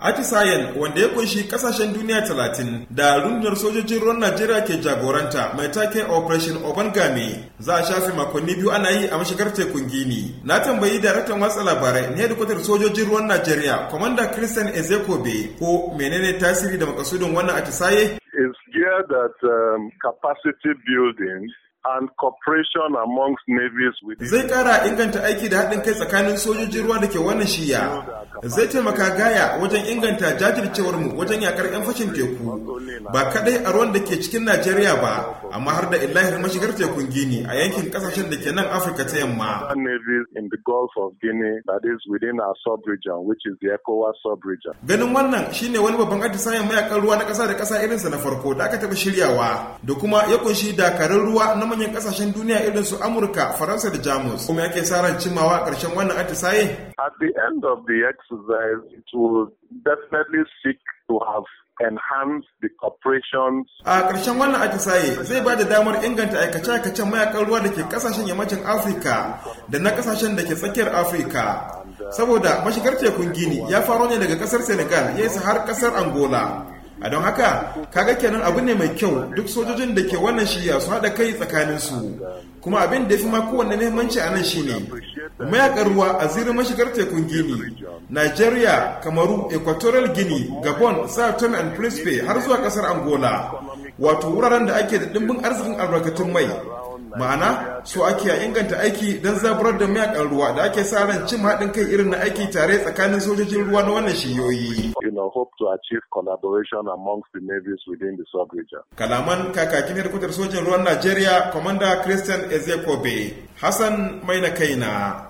atisayen wanda ya kunshi kasashen duniya talatin da rundunar sojojin ruwan najeriya ke jagoranta mai take operation obangame za a shafe makonni biyu ana yi a mashigar tekun gini na tambayi da daraktan watsa labarai na hedikwatar sojojin ruwan najeriya commander christian ezekobe ko menene tasiri da makasudin wannan atisaye It's geared that um, capacity building and cooperation amongst navies Zai kara inganta aiki da haɗin kai tsakanin sojojin ruwa da ke wannan shiya zai taimaka gaya wajen inganta mu wajen yakar 'yan fashin teku ba kadai a ruwan da ke cikin najeriya ba amma har da illahir mashigar tekun gini a yankin kasashen da ke nan afirka ta yamma ganin wannan shine wani babban atisayen mayakan ruwa na kasa da kasa irinsa na farko da aka taɓa shiryawa da kuma ya kunshi dakarun ruwa na manyan kasashen duniya irin su amurka faransa da jamus kuma yake sa ran cimawa ƙarshen wannan atisaye at the end exercise, it will definitely seek to have enhanced the operations. A ƙarshen wannan atisaye zai ba da damar inganta aikace-aikacen mayakan ruwa da ke ƙasashen yammacin Afirka da na ƙasashen da ke tsakiyar Afirka. Saboda mashigar tekun Gini ya faro ne daga ƙasar Senegal ya isa har ƙasar Angola. A don haka, kaga kenan abu ne mai kyau duk sojojin da ke wannan shirya su haɗa kai tsakaninsu. Kuma abin da ya fi ma kowanne muhimmanci a nan ne. mayakar ruwa a zirin mashigar tekun gini nigeria kamaru equatorial guinea gabon sao tome and principe har zuwa kasar angola wato wuraren da ake da dimbin arzikin albarkatun mai ma'ana so ake a inganta aiki don zaburar da mayakan ruwa da ake sa ran cin haɗin kai irin na aiki tare tsakanin sojojin ruwa na wannan shiyoyi. Kalaman kakakin hedkwatar sojin ruwan Najeriya, Kwamanda Christian Ezekobe, Hassan mai na Kaina,